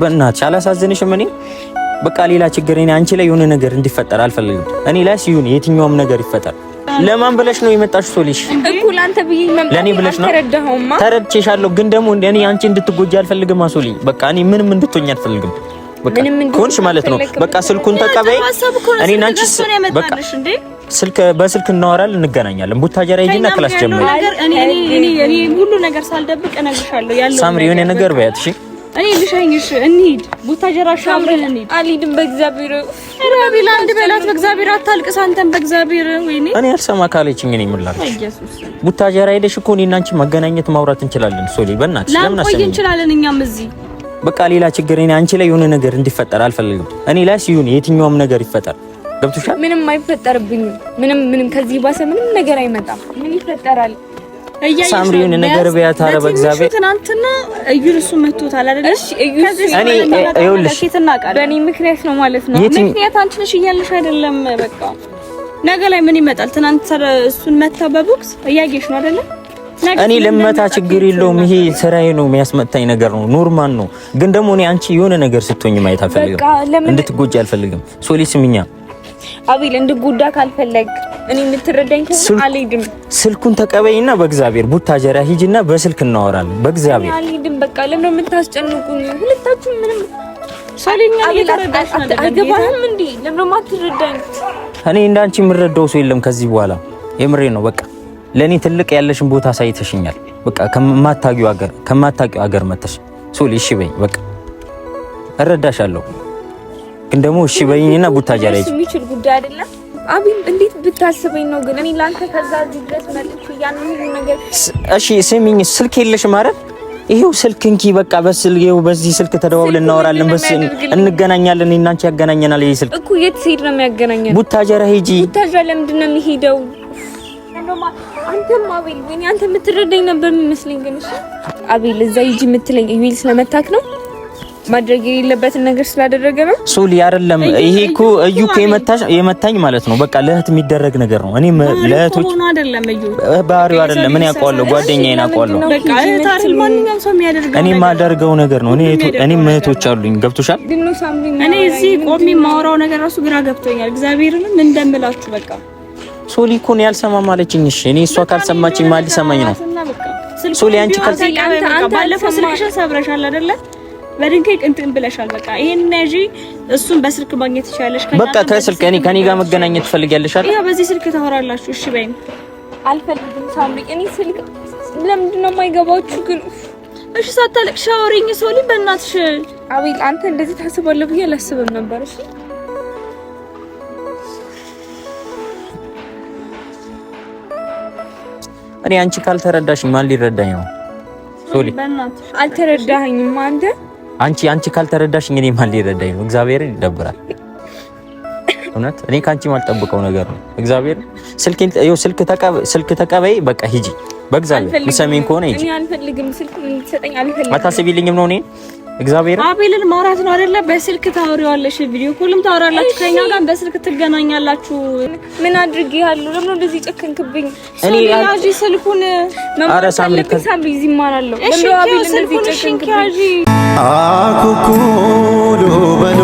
በእናትሽ አላሳዝንሽም? እኔ በቃ ሌላ ችግር እኔ አንቺ ላይ የሆነ ነገር እንዲፈጠር አልፈልግም። እኔ ላይ ሲሆን የትኛውም ነገር ይፈጠር። ለማን ብለሽ ነው የመጣሽው? ሶሊሽ እኮ ላንተ ብዬ መምጣት ለኔ ብለሽ ነው። ተረዳኸውማ? ተረድቼሻለሁ፣ ግን ደግሞ እኔ አንቺ እንድትጎጂ አልፈልግም። አሶሊ በቃ እኔ ምንም እንድትሆኝ አልፈልግም። በቃ ከሆንሽ ማለት ነው በቃ ስልኩን ተቀበይ። እኔ እና አንቺ በቃ ስልክ በስልክ እናወራል እንገናኛለን። ቡታጀራ ሂጂና ክላስ ጀምሪ። ሁሉ ነገር ሳልደብቅ እነግርሻለሁ። ሳምሪ የሆነ ነገር በያት እሺ እኔ ልሸኝሽ እንሂድ። ቡታጀራ አብረን እንሂድ። አልሄድም በእግዚአብሔር። ኧረ አቤል አንድ በላት በእግዚአብሔር፣ አታልቅስ አንተም በእግዚአብሔር። ወይኔ እኔ አልሰማ ካለችኝ እኔ ምን ላድርግ? ቡታጀራ ሄደሽ እኮ እኔ እና አንቺ መገናኘት ማውራት እንችላለን። ሶሊ በእናትሽ ለምን አሰኝ እንችላለን። እኛም እዚህ በቃ ሌላ ችግር እኔ አንቺ ላይ የሆነ ነገር እንዲፈጠር አልፈልግም። እኔ ላይ ሲሆን የትኛውም ነገር ይፈጠር ገብቶሻል። ምንም አይፈጠርብኝም። ምንም ምንም ከዚህ ባሰ ምንም ነገር አይመጣም። ምን ይፈጠራል? ሳምሪውን ነገር ቢያት አረ በእግዚአብሔር ትናንትና እዩን እሱ መቶታል አይደል? እሺ እኔ በእኔ ምክንያት ነው ማለት ነው። ምክንያት አንቺ ነሽ እያለሽ አይደለም። በቃ ነገ ላይ ምን ይመጣል? ትናንት እሱን መታ በቦክስ እያየሽ ነው አይደለም? እኔ ለመታ ችግር የለውም። ይሄ ስራዬ ነው፣ የሚያስመታኝ ነገር ነው፣ ኖርማል ነው። ግን ደግሞ እኔ አንቺ የሆነ ነገር ስትሆኝ ማየት አልፈልግም፣ እንድትጎጂ አልፈልግም። ሶሊ ስሚኛ አቤል እንድጎዳ ካልፈለግ እኔ የምትረዳኝ ከሆነ አልሄድም። ስልኩን ተቀበይና በእግዚአብሔር ቡታጀራ ሂጂና በስልክ እናወራለን። በእግዚአብሔር አልሄድም። በቃ ለምን ነው የምታስጨንቁኝ? ሁለታችሁ ምንም ሳለኛ አይገባህም እንዴ? ለምን ማትረዳኝ? እኔ እንዳንቺ የምረዳው ሰው የለም ከዚህ በኋላ የምሬ ነው። በቃ ለእኔ ትልቅ ያለሽን ቦታ አሳይተሽኛል። በቃ ከማታውቂው አገር ከማታውቂው አገር መተሽ ሶል እሺ በይኝ። በቃ እረዳሻለሁ፣ ግን ደግሞ እሺ በይኝና ቡታጀራ ሂጂ። የሚችል ጉዳይ አይደለም አቢ እንዴት ብታስበኝ ነው ግን? እኔ ላንተ ከዛ ድረስ መልኩ ያንን ሁሉ ነገር እሺ፣ ስሚኝ፣ ስልክ የለሽም ማረፍ ይሄው ስልክ እንኪ፣ በቃ በስል ይሄው በዚህ ስልክ ተደዋውለን እናወራለን፣ በስ እንገናኛለን። እናንቺ ያገናኘናል ይሄ ስልክ እኮ። የት ስሄድ ነው የሚያገናኘን? ቡታጀራ ሂጂ። ቡታጀራ ለምንድን ነው የሚሄደው? አንተም አቤል፣ ወይኔ አንተ የምትረዳኝ ነበር የሚመስለኝ ግን። እሺ አቤል፣ እዛ ሂጂ የምትለኝ እቤል ስለመታክ ነው ማድረግ የሌለበትን ነገር ስላደረገ ነው። ሶሊ አይደለም ይሄ እኮ እዩ የመታኝ ማለት ነው። በቃ ለእህት የሚደረግ ነገር ነው። እኔ ለእህቶች ባህሪው አይደለም። እኔ አውቀዋለሁ፣ ጓደኛዬን አውቀዋለሁ። እኔ የማደርገው ነገር ነው። እኔም እህቶች አሉኝ። ገብቶሻል። እኔ እዚህ ቆሜ የማወራው ነገር ራሱ ግራ ገብቶኛል። እግዚአብሔርንም እንደምላችሁ በቃ ሶሊ እኮ ነው ያልሰማም አለችኝ። እሺ እኔ እሷ ካልሰማችኝ ማን ሊሰማኝ ነው? ሶሊ አንቺ ካልሰማኝ ባለፈው ስልክሽን ሰብረሻል አይደለ? በድንጋይ እንትን ብለሻል። በቃ ይሄን ነጂ እሱን በስልክ ማግኘት ትችያለሽ። በቃ ከስልክ እኔ ከኔ ጋር መገናኘት ትፈልጊያለሽ አይደል? ያው በዚህ ስልክ ታወራላችሁ። እሺ በይኝ። አልፈልግም ሳምሪ። እኔ ስልክ ለምንድን ነው የማይገባችሁ ግን? እሺ ሳታለቅ ሻወሪኝ ሶሊ፣ በእናትሽ አቤል፣ አንተ እንደዚህ ታስባለህ ብዬ አላስብም ነበር። እሺ እኔ አንቺ ካልተረዳሽኝ ማን ሊረዳኝ ነው? ሶሊ፣ በእናትሽ አልተረዳኸኝም አንተ አንቺ አንቺ ካልተረዳሽ እንግዲህ ማን ሊረዳኝ ነው? እግዚአብሔርን ይደብራል። እውነት እኔ ከአንቺ ማልጠብቀው ነገር ነው። እግዚአብሔር ስልክ ስልክ ተቀበይ፣ በቃ ሂጂ። በእግዚአብሔር ልሰሚኝ ከሆነ ሂጂ። አታስቢልኝም ነው እኔ እግዚአብሔር አቤልን ማውራት ነው አይደለ? በስልክ ታወሪዋለሽ፣ ቪዲዮ ሁሉም ታወራላችሁ፣ ከኛ ጋር በስልክ ትገናኛላችሁ። ምን አድርግ ያሉ ለምን እንደዚህ ጨከንክብኝ? እኔ ያጂ ስልኩን መማር ሳምሪ ከሳምሪ ይማራለሁ። ለምን አቤል እንደዚህ ጨከንክብኝ? አኩኩሉ በሉ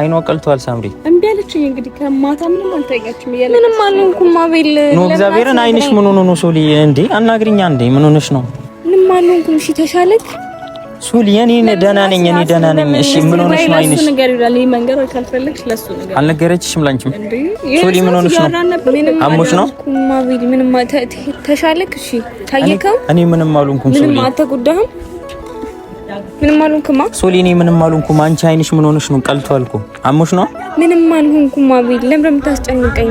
አይኗ ቀልቷል። ሳምሪ እምቢ አለችኝ። እንግዲህ ከማታ ምንም አልታያችም። ምንም አልሆንኩም። አቤል ነው እግዚአብሔርን። አይንሽ ምን ሆኖ ነው ሶሊ? እንዴ አናግሪኛ እንዴ ምን ሆነሽ ነው? ምንም አልሆንኩም። እሺ ተሻለች ሶሊ? የኔ ደህና ነኝ፣ እኔ ደህና ነኝ። እሺ ምን ሆነሽ ነው? አይንሽ ነገር ይላል። ይሄ መንገር ካልፈለግሽ ለሱ ነገር አልነገረችሽም ላንቺም? ሶሊ፣ ምን ሆነሽ ነው? አሞሽ ነው? ምንም ተሻለክ? እሺ ታየከው? እኔ ምንም አልሆንኩም። ሶሊ፣ ምንም አልተጎዳህም? ምንም አልሆንኩማ ሶሊ፣ እኔ ምንም አልሆንኩም። አንቺ አይንሽ ምን ሆነሽ ነው? ቀልቷል አልኩ አሞሽ ነው? ምንም አልሆንኩም። አቤል፣ ለምን የምታስጨንቀኝ?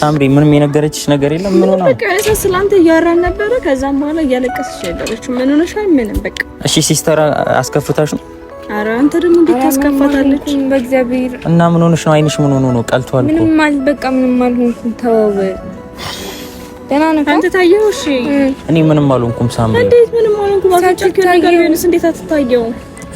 ሳምሪ፣ ምንም የነገረችሽ ነገር የለም? ምን ሆነ? በቃ እሷ ስላንተ እያወራን ነበረ። ከዛም በኋላ እያለቀሰች ነገረች። ምን ሆነሻል? ምንም በቃ። እሺ፣ ሲስተር አስከፍታሽ ነው? ኧረ አንተ ደግሞ እንዴት ታስከፋታለች? በእግዚአብሔር እና ምን ሆነሽ ነው? አይንሽ ምን ሆኖ ነው? ቀልቷል እኮ። ምንም በቃ ምንም አልሆንኩም። ተወው ደህና ነው። አንተ ታየው? እሺ እኔ ምንም አልሆንኩም። ሳምሪ እንዴት ምንም አልሆንኩም? አትጨክኝ ነገር ቢሆንስ እንዴት አትታየው?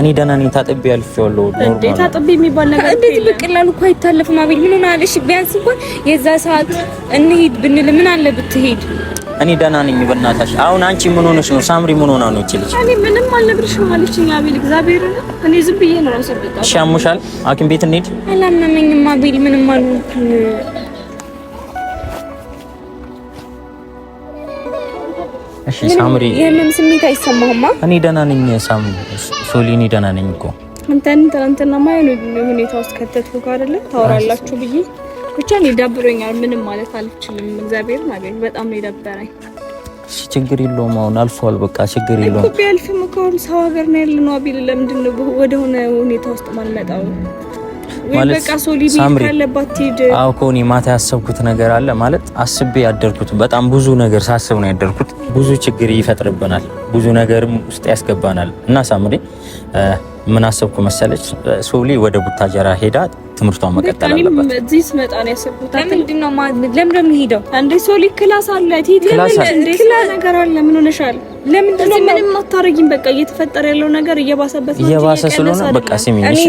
እኔ ደህና ነኝ። ታጥቤ አልፌዋለሁ። እንዴት ታጥቤ የሚባል ነገር እንዴት በቀላሉ እኮ አይታለፍም። አቤል ምን ሆነ አለሽ? ቢያንስ እንኳን የዛ ሰዓት እንሂድ ብንል ምን አለ ብትሄድ እኔ ደህና ነኝ። በእናታሽ አሁን አንቺ ምን ሆነሽ ነው? ሳምሪ ምን ሆና ነው? ይችላል እኔ ምንም አልነግርሽም አለችኝ አቤል። እግዚአብሔር እኔ ዝም ብዬ ነው። ሻሙሻል ሐኪም ቤት እንሂድ። አላመመኝም አቤል ምንም አልሆንኩም። እሺ ሳምሪ፣ የህመም ስሜት አይሰማህማ? እኔ ደህና ነኝ ሳም፣ ሶሊ፣ እኔ ደህና ነኝ እኮ እንትን ትናንትናማ ሁኔታ ውስጥ ከተትኩ አይደለ? ታወራላችሁ ብዬ ብቻ ነው ይዳብረኛል። ምንም ማለት አልችልም። እግዚአብሔር ማገኝ በጣም ነው ይዳበረኝ። እሺ ችግር የለውም አሁን አልፏል። በቃ ችግር የለውም እኮ ቢያልፍም እኮ ሰው ሀገር ነው ያለነው። አቢል ለምንድን ነው ሆነ ሁኔታ ውስጥ ማልመጣው? ማለት ሳምሪ አዎ እኮ ማታ ያሰብኩት ነገር አለ ማለት አስቤ ያደርኩት በጣም ብዙ ነገር ሳስብ ነው ያደርኩት። ብዙ ችግር ይፈጥርብናል፣ ብዙ ነገርም ውስጥ ያስገባናል። እና ሳምሪ ምን አሰብኩ መሰለች? ሶሊ ወደ ቡታጀራ ሄዳ ትምህርቷን መቀጠል አለባት። ለምንድን ነው የምሄደው? እንደ ሶሊ ክላስ አለ፣ ነገር አለ። ምን ሆነሻል? ለምንድን ነው ምንም አታረጊም? በቃ እየተፈጠረ ያለው ነገር እየባሰበት ነው እየባሰ ስለሆነ በቃ ሲሚኝ እሺ፣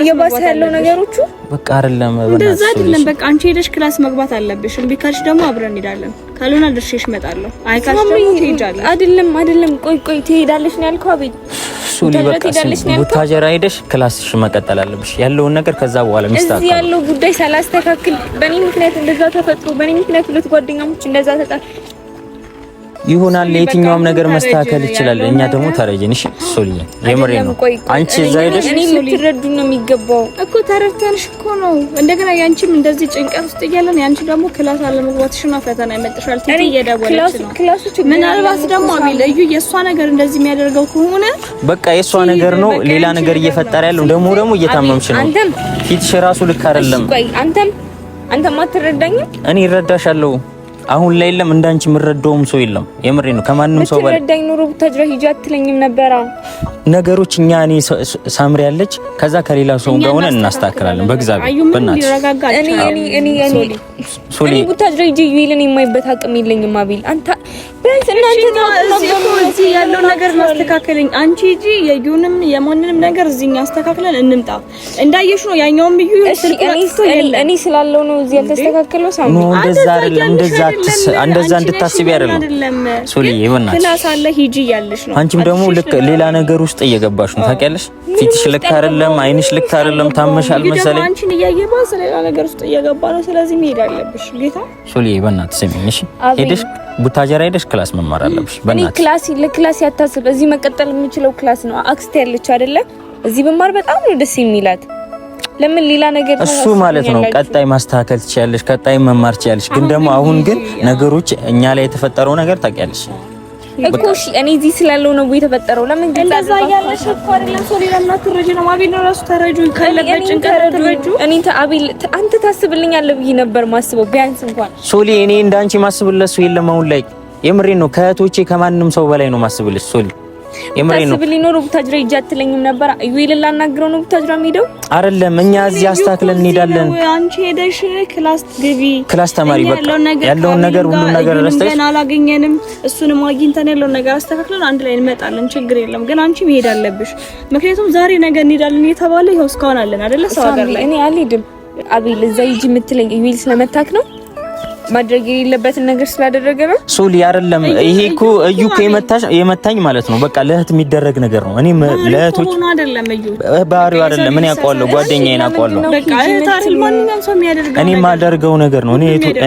እየባሰ ያለው ነገሮቹ። በቃ አይደለም እንደዛ አይደለም። በቃ አንቺ ሄደሽ ክላስ መግባት አለብሽ። እምቢ ካልሽ ደግሞ አብረን እንሄዳለን፣ ካልሆነ ድርሼሽ እመጣለሁ። አይ ካልሽ ደግሞ ትሄጃለሽ። አይደለም አይደለም፣ ቆይ ቆይ፣ ትሄዳለሽ ነው ያልከው? አቤት ሱሪ በቃ ቡታጀራ ሄደሽ ክላስሽ መቀጠል አለብሽ። ያለውን ነገር ከዛ በኋላ ሚስተካከል እዚህ ያለው ጉዳይ ሳላስተካክል በእኔ ምክንያት እንደዛ ተፈጥሮ በእኔ ምክንያት ሁለት ጓደኛሞች እንደዛ ተጣሉ። ይሆናል ለየትኛውም ነገር መስተካከል ይችላል። እኛ ደግሞ ተረጅን። እሺ ሶሊ የምሬ ነው። አንቺ እዛ ሄደሽ እኔ ልትረዱ ነው የሚገባው እኮ ተረድተንሽ እኮ ነው። እንደገና ያንቺም እንደዚህ ጭንቀት ውስጥ እያለን ያንቺ ደግሞ ክላስ አለመግባትሽ እና ፈተና ይመጥሻል። ቲቲ እየደወለች ነው ክላስ ውስጥ ምናልባት ደግሞ አቤል እዩ የእሷ ነገር እንደዚህ የሚያደርገው ከሆነ በቃ የእሷ ነገር ነው። ሌላ ነገር እየፈጠረ ያለው ደግሞ ደግሞ እየታመምሽ ነው። አንተም ፊትሽ ራሱ ልክ አይደለም። አንተም አንተም አትረዳኝም። እኔ እረዳሻለሁ አሁን ላይ የለም። እንዳንቺ የምረዳውም ሰው የለም። የምሬ ነው። ከማንም ሰው ጋር ምትረዳኝ ኑሮ ብታጅራ ሂጂ አትለኝም ነበር። ነገሮች እኛ እኔ ሳምሪ ያለች ከዛ ከሌላ ሰው ጋር ሆነ እናስተካክላለን። በእግዚአብሔር በእናትሽ እኔ እኔ እኔ እኔ ሶሊ ቡታጅራ ሂጂ ይልን የማይበት አቅም የለኝም አቤል አንተ እዚህ ያለው ነገር ማስተካከለኝ አንቺ ሂጂ፣ የዩንም የማንንም ነገር እዚህ አስተካክለን እንምጣ። እንዳየሽ ነው ያኛውም እዩ እኔ ስላለው ነው እዚህ ያልተስተካከለው። እንደዛ እንድታስቢ አይደለም ሶሊ፣ ክላስ አለ ሂጂ እያለሽ ነው። አንቺም ደግሞ ልክ ሌላ ነገር ውስጥ እየገባሽ ነው ታውቂያለሽ። ፊትሽ ልክ አይደለም፣ ዓይንሽ ልክ አይደለም። ታመሻል መሰለኝ። አንቺን እያየባ ስለሌላ ነገር ውስጥ እየገባ ነው። ስለዚህ መሄድ አለብሽ ጌታ። ሶሊ በእናትሽ ስሚኝ እሺ ሄደሽ ቡታጀራ ሄደሽ ክላስ መማር አለብሽ። በእናትሽ ክላስ ለክላስ ያታስብ እዚህ መቀጠል የምችለው ክላስ ነው። አክስት ያለች አይደለ? እዚህ መማር በጣም ነው ደስ የሚላት። ለምን ሌላ ነገር እሱ ማለት ነው። ቀጣይ ማስተካከል ትችያለሽ፣ ቀጣይ መማር ትችያለሽ። ግን ደግሞ አሁን ግን ነገሮች እኛ ላይ የተፈጠረው ነገር ታውቂያለሽ እኮ እሺ፣ እኔ እዚህ ስላለው ነው የተፈጠረው። ለምን ግን እንደዛ ያለሽ እኮ አይደለም። ሰው ለምን ትረጂ ነው። አቤል ነው ራሱ ተረጁ ካለበት ጭንቀት ተረጁ። እኔ አቤል አንተ ታስብልኛለህ ብዬ ነበር ማስበው ቢያንስ እንኳን ሶሊ፣ እኔ እንዳንቺ ማስብለሱ የለም። አሁን ላይ የምሬ ነው። ከእህቶቼ ከማንም ሰው በላይ ነው ማስብልሽ ሶሊ ታስብ ሊኖር ቡታጅራ ሂጅ አትለኝም ነበር። እዩ ላናግረው ነው ቡታጅራ የምሄደው አይደለም። እኛ እዚህ አስተካክለን እንሄዳለን። አንቺ ሄደሽ ክላስ ግቢ፣ ክላስ ተማሪ። በቃ ያለውን ነገር ሁሉ ነገር ረስተሽ ገና አላገኘንም። እሱንም አግኝተን ያለውን ነገር አስተካክለን አንድ ላይ እንመጣለን። ችግር የለም። ግን አንቺ መሄድ አለብሽ፣ ምክንያቱም ዛሬ ነገ እንሄዳለን የተባለ ይኸው እስካሁን አለን አይደለ? ሰው አገር እኔ አልሄድም። አቤል እዛ ሂጂ የምትለኝ እዩ ስለመታክ ነው ማድረግ የሌለበትን ነገር ስላደረገ ነው። ሶሊ አይደለም። ይሄ እኮ እዩ እኮ የመታኝ ማለት ነው። በቃ ለእህት የሚደረግ ነገር ነው። እኔም ለእህቶች ባህሪው አይደለም። እኔ አውቀዋለሁ፣ ጓደኛዬን አውቀዋለሁ። እኔ የማደርገው ነገር ነው።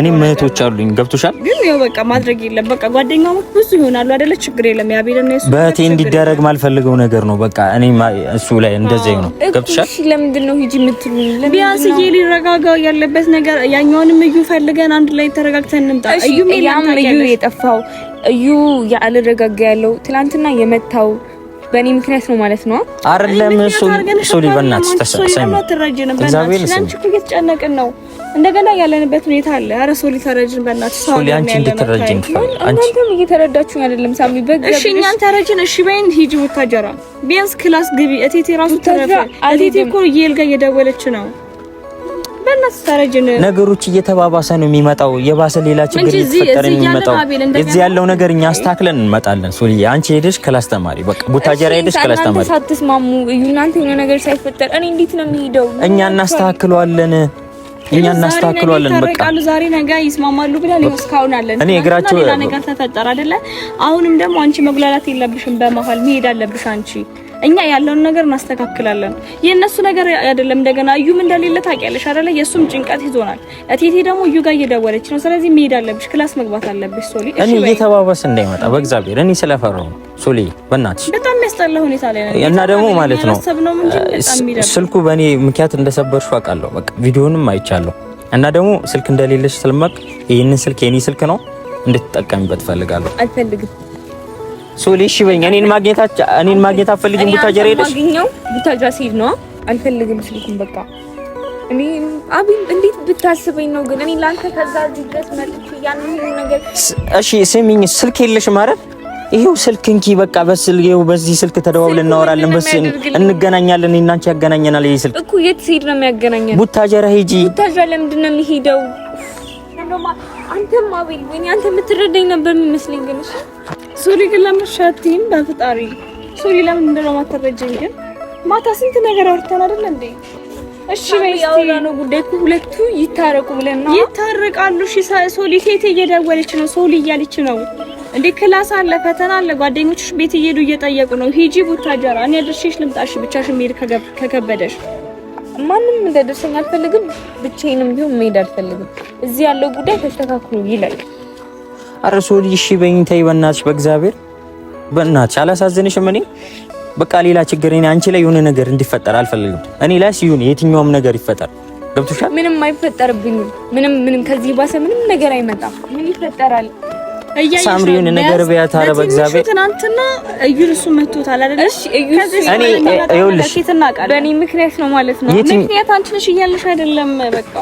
እኔም እህቶች አሉኝ። ገብቶሻል። ግን ያው በቃ ማድረግ የለም። በቃ ጓደኛው ብዙ ይሆናሉ አይደለ? ችግር የለም። ያቤለ ቤለ በእህቴ እንዲደረግ ማልፈልገው ነገር ነው። በቃ እኔ እሱ ላይ እንደዚህ ነው። ገብቶሻል። ለምንድን ነው ሂጂ የምትሉኝ? ቢያንስ ይሄ ሊረጋጋው ያለበት ነገር ያኛውንም እዩ ፈልገን አንድ ላይ ቤት ተረጋግተን እንምጣ። እዩ የጠፋው እዩ ያልረጋጋ ያለው ትላንትና የመታው በእኔ ምክንያት ነው ማለት ነው አይደለም? ሱሊ በእናትሽ ተሰሰሚ እየተጨነቅን ነው። እንደገና ያለንበት ሁኔታ አለ። ኧረ ሱሊ ተረጅን በእናትሽ። አንቺ እንድትረጅን አንቺም እየተረዳችሁ አይደለም ሳሚ። በግ እሺ፣ እኛን ተረጅን እሺ በይን። ሂጂ ወታጀራ ቢያንስ ክላስ ግቢ። እቴቴ ራሱ ተረፈ። እቴቴ እኮ እየልጋ እየደወለች ነው ነገሮች እየተባባሰ ነው የሚመጣው። የባሰ ሌላ ችግር እየተፈጠረ ነው የሚመጣው። እዚህ ያለው ነገር እኛ አስተካክለን እንመጣለን። ሶልዬ አንቺ ሄደሽ ክላስ ተማሪ፣ በቃ ቡታጀራ ሄደሽ ክላስ ተማሪ። ሳትስማሙ እናንተ የሆነ ነገር ሳይፈጠር እኔ እንዴት ነው የሚሄደው? እኛ እናስተካክለዋለን እኛ እናስተካክለዋለን። በቃ ዛሬ ነገ ይስማማሉ ብለን እስካሁን አለን። እኔ እግራቸው ሌላ ነገር ተፈጠረ አይደለ? አሁንም ደግሞ አንቺ መጉላላት የለብሽም። በመሀል መሄድ አለብሽ አንቺ እኛ ያለውን ነገር እናስተካክላለን። የእነሱ ነገር አይደለም። እንደገና እዩም እንደሌለ ታውቂያለሽ አይደለ? የእሱም ጭንቀት ይዞናል። እቴቴ ደግሞ እዩ ጋር እየደወለች ነው። ስለዚህ መሄድ አለብሽ፣ ክላስ መግባት አለብሽ። ሶሊ እኔ እየተባባስ እንዳይመጣ በእግዚአብሔር እኔ ስለፈራው ሶሊ በእናትሽ በጣም የሚያስጠላ ሁኔታ ላይ ነው። እና ደግሞ ማለት ነው ስልኩ በእኔ ምክንያት እንደሰበርሽ አውቃለሁ። በቃ ቪዲዮንም አይቻለሁ። እና ደግሞ ስልክ እንደሌለሽ ስለማቅ ይህንን ስልክ የኔ ስልክ ነው እንድትጠቀሚበት ፈልጋለሁ። አልፈልግም ሶሊ እሺ በይኝ። እኔን ማግኘት እኔን ማግኘት አትፈልጊም? ቡታጀራ ሄደሽ ቡታጀራ ሲሄድ ነው አልፈልግም ስልኩን በቃ እኔ አቢ እንዴት ብታስበኝ ነው ግን እኔ ላንተ ከዛ እዚህ ድረስ መልክ ያንን ነገር እሺ ስሚኝ፣ ስልክ የለሽም ማረፍ ይሄው ስልክ እንኪ በቃ በስል ይሄው በዚህ ስልክ ተደዋውለን እናወራለን። በስ እንገናኛለን፣ እናንቺ ያገናኘናል። ይሄ ስልክ እኮ የት ሲሄድ ነው የሚያገናኘን? ቡታጀራ ሂጂ። ቡታጀራ ለምንድን ነው የሚሄደው? አንተም አቤል ወይኔ አንተ የምትረዳኝ ነበር የሚመስለኝ። ግን እሺ ሶሪ፣ ግን ለምን በፍጣሪ ሶሪ፣ ለምን እንደሆነ ማትረጀኝ። ግን ማታ ስንት ነገር አውርተን አይደል እንዴ? እሺ በይ እስቲ ነው ጉዳይ እኮ ሁለቱ ይታረቁ ብለን ነው። ይታረቃሉ። እሺ ሶሊ ሴት እየደወለች ነው፣ ሶሊ እያለች ነው እንዴ። ክላስ አለ፣ ፈተና አለ፣ ጓደኞችሽ ቤት እየሄዱ እየጠየቁ ነው። ሂጂ ቡታጀራ፣ እኔ አድርሼሽ ልምጣሽ፣ ብቻሽን መሄድ ከከበደሽ ማንም እንዳይደርሰኝ አልፈልግም። ብቻዬንም ቢሆን መሄድ አልፈልግም። እዚህ ያለው ጉዳይ ተስተካክሎ ይላል። ኧረ ሶሊ እሺ በይኝ ተይ፣ በእናትሽ በእግዚአብሔር በእናትሽ አላሳዝንሽም። እኔ በቃ ሌላ ችግር እኔ አንቺ ላይ የሆነ ነገር እንዲፈጠር አልፈልግም። እኔ ላይ ሲሆን የትኛውም ነገር ይፈጠር ገብቶሻል። ምንም አይፈጠርብኝም። ምንም ምንም ከዚህ ባሰ ምንም ነገር አይመጣም። ምን ይፈጠራል? ሳምሪውን ነገር ቢያት አረ በእግዚአብሔር ትናንትና እዩል እሱ መቶታል አይደል? እሺ እዩል እኔ ይኸውልሽ በእኔ ምክንያት ነው ማለት ነው። ምክንያት አንቺ ነሽ እያለሽ አይደለም። በቃ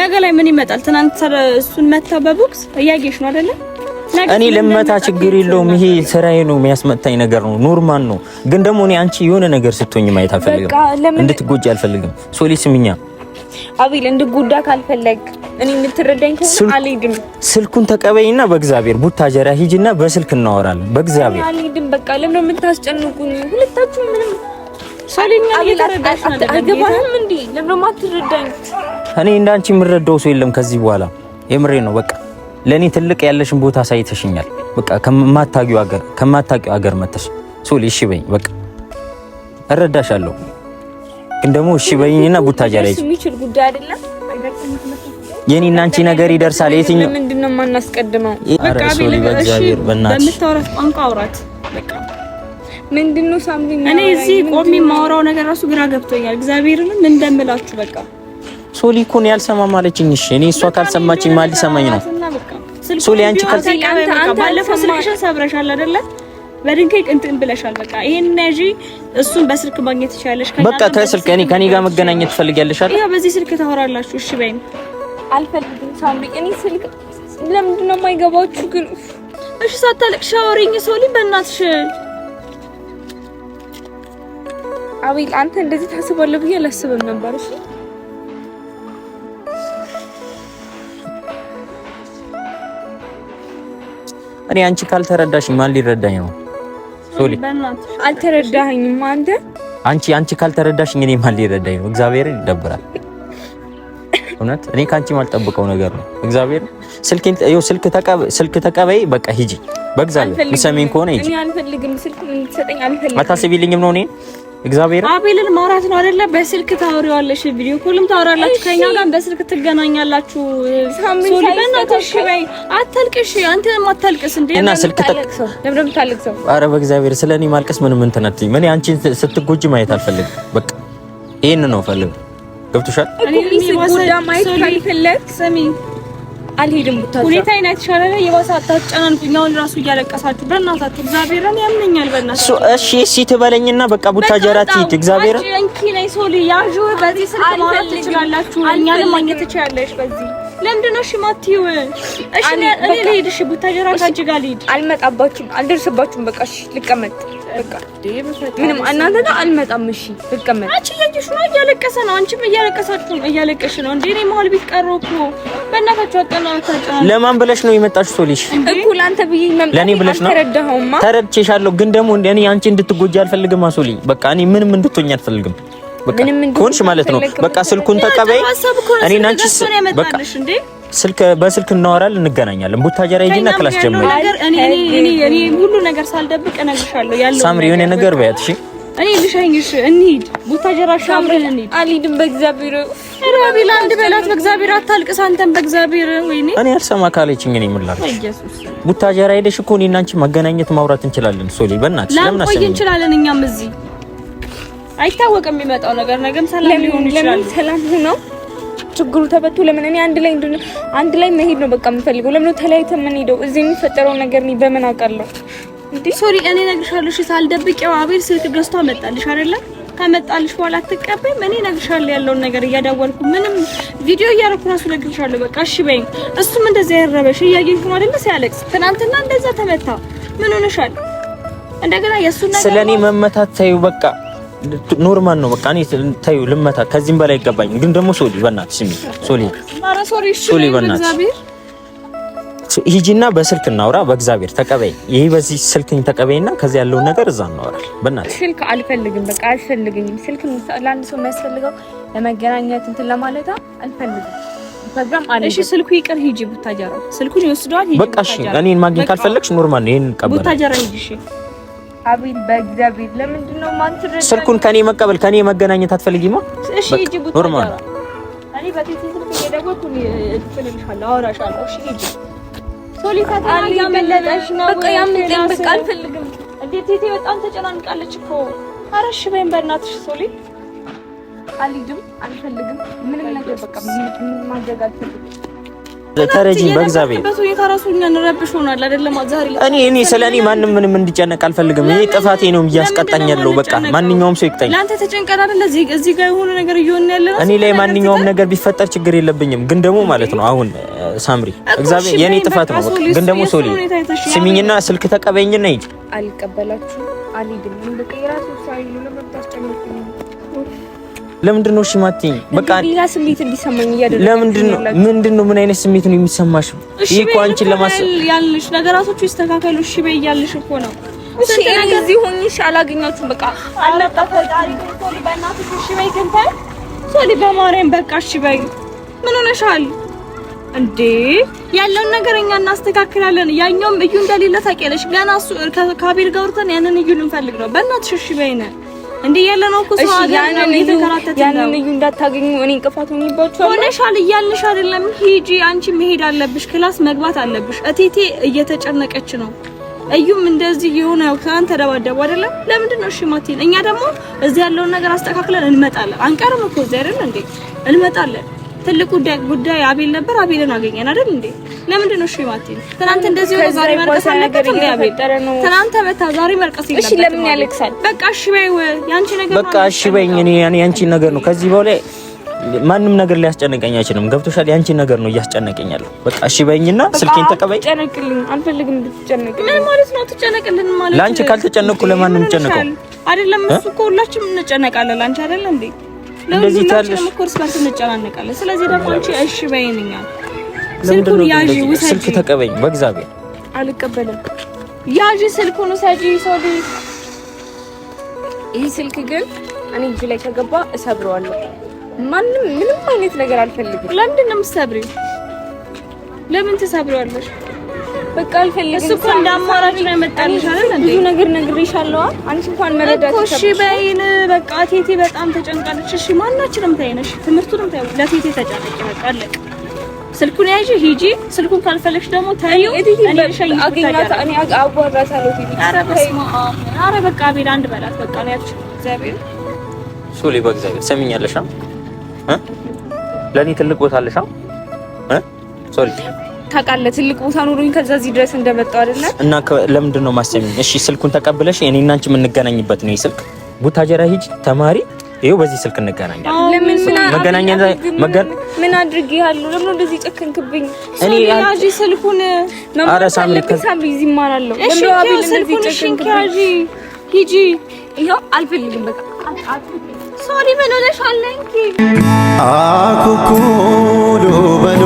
ነገ ላይ ምን ይመጣል? ትናንት እሱን መታ በቦክስ እያየሽ ነው አይደለም? እኔ ልመታ ችግር የለውም። ይሄ ስራዬ ነው፣ የሚያስመታኝ ነገር ነው፣ ኖርማል ነው። ግን ደግሞ እኔ አንቺ የሆነ ነገር ስትሆኝ ማየት አልፈልግም፣ እንድትጎጂ አልፈልግም። ሶሊ ስሚኛ አቤል እንድጉዳ ካልፈለግ እኔ የምትረዳኝ ከሆነ አልሄድም። ስልኩን ተቀበይና በእግዚአብሔር ቡታጀራ ሂጂና በስልክ እናወራለን። በእግዚአብሔር አልሄድም። በቃ ለምን ነው የምታስጨንቁኝ? ሁለታችሁ ምንም አገባህም እንዴ? ለምን ማትረዳኝ? እኔ እንዳንቺ የምረዳው ሰው የለም ከዚህ በኋላ የምሬ ነው። በቃ ለእኔ ትልቅ ያለሽን ቦታ አሳይተሽኛል። በቃ ከማታውቂው አገር ከማታውቂው አገር መተሽ ሶሊ እሺ በይኝ። በቃ እረዳሻለሁ። ግን ደግሞ እሺ በይኝና ቡታ ላይ የሚችል ጉዳይ አይደለም። የኔ እና አንቺ ነገር ይደርሳል። የትኛው ምንድን ነው የማናስቀድመው? በቃ በእግዚአብሔር በእናትሽ በምታወራት ቋንቋ አውራት። በቃ ምንድን ነው ሳምቲንግ። እኔ እዚህ ቆሜ የማወራው ነገር ራሱ ግራ ገብቶኛል። እግዚአብሔርን ምን እንደምላችሁ በቃ ሶሊ እኮ ነው ያልሰማም አለችኝ። እሺ እኔ እሷ ካልሰማችኝ ማን ሊሰማኝ ነው? ሶሊ አንቺ ካልሰማኝ ባለፈው ስልክሽን ሰብረሻል አይደለ? በድንጋይ እንትን ብለሻል። በቃ ይሄን ነጂ እሱን በስልክ ማግኘት ይቻለሽ። በቃ ከስልክ እኔ ከኔ ጋር መገናኘት ትፈልጊያለሽ አይደል? ያው በዚህ ስልክ ታወራላችሁ። እሺ በይም። አልፈልግም ሳምሪ። እኔ ስልክ ለምንድን ነው የማይገባችሁ ግን? እሺ ሳታለቅ ሻወሪኝ ሰው በእናትሽ። አቤል አንተ እንደዚህ ታስባለህ ብዬ አላስብም ነበር። እሺ እኔ አንቺ ካልተረዳሽ ማን ሊረዳኝ ነው? ሶሊ አልተረዳኸኝም። አንተ አንቺ አንቺ ካልተረዳሽ እንግዲህ ማን ሊረዳኝ ነው? እግዚአብሔር ይደብራል። እውነት እኔ ከአንቺ ማልጠብቀው ነገር ነው። እግዚአብሔር ስልኬን ይኸው ስልክ ተቀበይ፣ ስልክ ተቀበይ፣ በቃ ሂጂ። በእግዚአብሔር ምሰሜን ከሆነ ሂጂ። አልፈልግም፣ ስልክ ልትሰጠኝ አልፈልግም። አታስቢልኝም ነው እኔ እግዚአብሔር አቤልን ማራት ነው አይደለ? በስልክ ታወሪዋለሽ፣ ቪዲዮ ኮልም ታወራላችሁ፣ ከኛ ጋር በስልክ ትገናኛላችሁ። ሶሪ በእናትሽ በይ፣ አታልቅሽ። አንተ ማታልቅስ እንዴ? እና ስልክ ታልቅሰው ለምን ታልቅሰው? አረ በእግዚአብሔር ስለኔ ማልቀስ ምንም እንትን አትይም። እኔ አንቺን ስትጎጂ ማየት አልፈልግም። በቃ ይሄን ነው ፈልግ። ገብቶሻል? እኔ ምን ይወሰዳ ማየት ካልፈለግ ስሚ አልሄድም። ብታጫ ሁኔታ አይነት ይሻላል። የባሰ አታጨናንቁኝ። አሁን ራሱ እያለቀሳችሁ በእናታችሁ እግዚአብሔርን ያምነኛል። በእናታችሁ እሺ፣ እሺ ትበለኝና በቃ ቡታ ጀራት ይት እግዚአብሔርን አንቺ ነይ ሶሊ ያጁ በዚህ ስልክ ማውራት ትችላላችሁ። እኛንም ማግኘት ትችያለሽ በዚህ ለምንድን ነው እሺ እሺ እኔ ልሂድ። እሺ ቡታጀራ ካንቺ ጋር ልሂድ። አልመጣባችሁም፣ አልደርስባችሁም። በቃ እሺ ልቀመጥ። በቃ ምንም እናንተ ጋር አልመጣም። እሺ ልቀመጥ። አንቺ እያየሽ ነው፣ እያለቀሰ ነው። አንቺም እያለቀሳችሁ እያለቀሽ ነው እንዴ? እኔ መሀል ቤት ቀረሁ እኮ በእናታችሁ። አጠናታችሁ ለማን ብለሽ ነው የመጣችሁ? ሶሊሽ እኮ ለአንተ ብዬ መምጣት ለኔ ብለሽ ነው። ተረዳኸውማ? ተረድቼሻለሁ፣ ግን ደግሞ እኔ አንቺ እንድትጎጂ አልፈልግም። አሶሊ በቃ እኔ ምንም እንድትሆኝ አልፈልግም። ኮንሽ ማለት ነው በቃ ስልኩን ተቀበይ። እኔ ናንቺ በቃ ስልክ በስልክ እናወራለን፣ እንገናኛለን። ቡታጀራ ሂጂና ክላስ ጀምሪ። እኔ ሁሉ ነገር ሳልደብቅ እነግርሻለሁ። ያለው ሳምሪ የሆነ ነገር በያት። እሺ እኔ ልሸኝሽ፣ እንሂድ ቡታጀራ ሻምሪ እንሂድ። አልሄድም፣ በእግዚአብሔር ሮቢል፣ አንድ በላት። በእግዚአብሔር አታልቅስ አንተም፣ በእግዚአብሔር ወይኔ። እኔ አልሰማ ካለችኝ እኔ ምን ላድርግ? ቡታጀራ ሄደሽ እኮ እኔ እና አንቺ መገናኘት ማውራት እንችላለን። ሶሊ፣ በእናትሽ ለምን አሰኝ? እንችላለን እኛም እዚህ አይታወቅም የሚመጣው ነገር። ነገም ሰላም ሊሆን ይችላል። ሰላም ነው ችግሩ ተፈቱ። ለምን እኔ አንድ ላይ እንደሆነ አንድ ላይ መሄድ ነው በቃ የምፈልገው። ለምን ተለያይተን የምንሄደው? እዚህ የሚፈጠረው ነገር እኔ በምን አውቃለሁ? እንዴ ሶሪ፣ እኔ እነግርሻለሁ። እሺ፣ ሳልደብቂው አቤል ስልክ ገዝቶ አመጣልሽ አይደለ? ከመጣልሽ በኋላ አትቀበይም። እኔ እነግርሻለሁ ያለውን ነገር እያዳወልኩ ምንም ቪዲዮ እያደረኩ እራሱ እነግርሻለሁ። በቃ እሺ በይኝ። እሱም እንደዛ ያረበሽ እያየሽ ነው አይደለ? ሲያለቅስ ትናንትና እንደዛ ተመታ። ምን ሆነሻል? እንደገና የእሱን ነገር ስለኔ መመታት ታዩ በቃ ኖርማል ነው። በቃ እኔ ታዩ ልመታ ከዚህም በላይ ይገባኝ። ግን ደግሞ ሶሊ በእናትሽ ስሚ፣ ሶሊ ሶሊ በእናትሽ ሂጂና በስልክ እናውራ። በእግዚአብሔር ተቀበይ፣ ይሄ በዚህ ስልክኝ ተቀበይና ከዚህ ያለውን ነገር እዛ እናወራል። በእናትሽ ስልክ አልፈልግም፣ በቃ አልፈልግም። ስልክ ለአንድ ሰው የሚያስፈልገው ለመገናኘት እንትን ለማለታ አልፈልግም። እሺ ስልኩ ይቅር፣ ሂጂ ቡታጀራ። ስልኩን ይወስደዋል። ሂጂ በቃ እሺ። እኔን ማግኘት ካልፈለግሽ ኖርማል ነው። ይሄን ቀበል ቡታጀራ ሂጂ። እሺ አቤል በእግዚአብሔር ለምንድን ነው ስልኩን ከኔ መቀበል ከኔ መገናኘት አትፈልጊም? እሺ፣ ኖርማል እኔ ስልክ እየደወልኩ አወራሻለሁ። እሺ፣ ሂጂ። በቃ አልፈልግም። ቴቴ በጣም ተጨናንቃለች እኮ። ኧረ እሺ በእናትሽ ሶሊ። አልሄድም፣ አልፈልግም፣ ምንም ነገር በቃ ምንም ማድረግ አልፈልግም። ተረጂኝ በእግዚአብሔር እኔ እኔ ስለ እኔ ማንም ምንም እንዲጨነቅ አልፈልግም። ይሄ ጥፋቴ ነው እያስቀጣኝ ያለው በቃ ማንኛውም ሰው ይቅጣኝ። እኔ ላይ ማንኛውም ነገር ቢፈጠር ችግር የለብኝም፣ ግን ደግሞ ማለት ነው አሁን ሳምሪ እግዚአብሔር የእኔ ጥፋት ነው። በቃ ግን ደግሞ ሶሊ ስሚኝና ስልክ ተቀበይኝና ይጭ አልቀበላችሁ አልሄድም ለምንድን ነው እሺ በቃ ሌላ ስሜት እንዲሰማኝ እያደረገ ለምንድን ነው ምንድን ነው ምን አይነት ስሜት ነው የሚሰማሽ? ይሄ እኮ አንቺን ለማሰብ ያልሽ ነገራቶቹ ይስተካከሉ እሺ በይ እያልሽ እኮ ነው። እሺ እኔ እዚህ ሆኜሽ አላገኛችሁም። በቃ አላጣ ፈጣሪ ኮሊ በእናትሽ እሺ በይ ከንተን ሶሊ በማርያም በቃ እሺ በይ። ምን ሆነሻል እንዴ? ያለውን ነገር እኛ እናስተካክላለን። ያኛውም እዩ እንደሌለ ታውቂያለሽ። ገና እሱ ከአቤል ጋር ወርተን ያንን እዩ ልንፈልግ ነው። በእናትሽ እሺ በይ ነን እንዴ ያለ ነው እኮ ሰው ያንን እዩ እንዳታገኙ እኔ እንቅፋት ሆኜባችሁ ሆነሻል እያልንሽ አይደለም። ሂጂ አንቺ መሄድ አለብሽ፣ ክላስ መግባት አለብሽ። እቴቴ እየተጨነቀች ነው። እዩም እንደዚህ የሆነ ካን ተደባደቡ አይደለም። ለምንድን ነው እሺ ማቲን? እኛ ደግሞ እዚህ ያለውን ነገር አስተካክለን እንመጣለን። አንቀርም እኮ እዚህ አይደል እንዴ? እንመጣለን ትልቁ ጉዳይ አቤል ነበር። አቤልን አገኘን አይደል እንዴ? ለምንድን ነው እሺ? ማቲ ትናንት እንደዚህ ሆኖ ዛሬ መልቀስ አለበት እንዴ? አቤል ትናንት መታ ዛሬ መልቀስ ይላል። እሺ ለምን ያለቅሳል? በቃ እሺ በይ፣ ያንቺ ነገር በቃ እሺ በይኝ። እኔ ያንቺ ነገር ነው። ከዚህ በኋላ ማንም ነገር ሊያስጨንቀኝ አይችልም። ገብቶሻል? ያንቺ ነገር ነው እያስጨነቀኛለሁ። በቃ እሺ በይኝና ስልኬን ተቀበይ። ጨነቅልኝ፣ አልፈልግም እንድትጨነቅ። ምን ማለት ነው ትጨነቅልን ማለት? ላንቺ ካልተጨነቅኩ ለማንም ጨነቀው አይደለም። እሱ እኮ ሁላችንም እንጨነቃለን። አንቺ አይደል እንዴ እንደዚህ ታለሽ ኮርስ ባንስ እንጨናነቃለን። ስለዚህ ደግሞ አንቺ እሺ በይንኛ ስልኩን ያዢ ውሰጂ፣ ስልክ ተቀበይኝ። በእግዚአብሔር አልቀበልም። ያዢ ስልኩን ውሰጂ። ሰው ይህ ስልክ ግን እኔ እጅ ላይ ከገባ እሰብረዋለሁ። ማንም ምንም አይነት ነገር አልፈልግም። ለምንድን ነው የምትሰብሪው? ለምን ትሰብሪዋለሽ? በቃ አልፈልግም። እሱ እኮ እንደ አማራጭ ነው የመጣልሽ አይደል? ብዙ ነገር ነግሬሻለሁ። አንቺ እንኳን መረዳት እኮ እሺ በይን። በቃ ቴቴ በጣም ተጨንቃለች። እሺ ማናችንም ታይነሽ፣ ትምህርቱንም ታይው። ለቴቴ ተጨነቂ በቃ አለቅ። ስልኩን ያዥ ሂጂ። ስልኩን ካልፈለግሽ ደግሞ ታዩ። አገኛት እኔ አዋራታለሁ። ቴቴ ኧረ በስመ አብ ኧረ በቃ ቤላ አንድ በላት በቃ ነው ያልኩሽ። እግዚአብሔር ሶሊ በእግዚአብሔር ሰሚኛለሽ እ ለእኔ ትልቅ ቦታ አለሽ ሶሊ ታውቃለህ፣ ትልቅ ቦታ ኑሮኝ ከዛ እዚህ ድረስ እንደመጣው አይደለ እና ለምንድን ነው ማሰሚኝ? እሺ ስልኩን ተቀብለሽ እኔ እና አንቺ የምንገናኝበት ነው። ይህ ስልክ ቡታጀራ ሂጅ ተማሪ ይሄው በዚህ ስልክ እንገናኛለን። ለምን መገናኛ መገን ምን አድርግ ያሉ ለምን እንደዚህ ጨከንክብኝ? እኔ ያጂ ስልኩን አረ ሳምሪ ከሳምሪ ይማራለሁ። እሺ ስልኩን እሺ እንካጂ ሂጂ። ይሄው አልፈልግም በቃ ሶሪ ምን ሆነሻል? እንኪ አኩኩሉ በሉ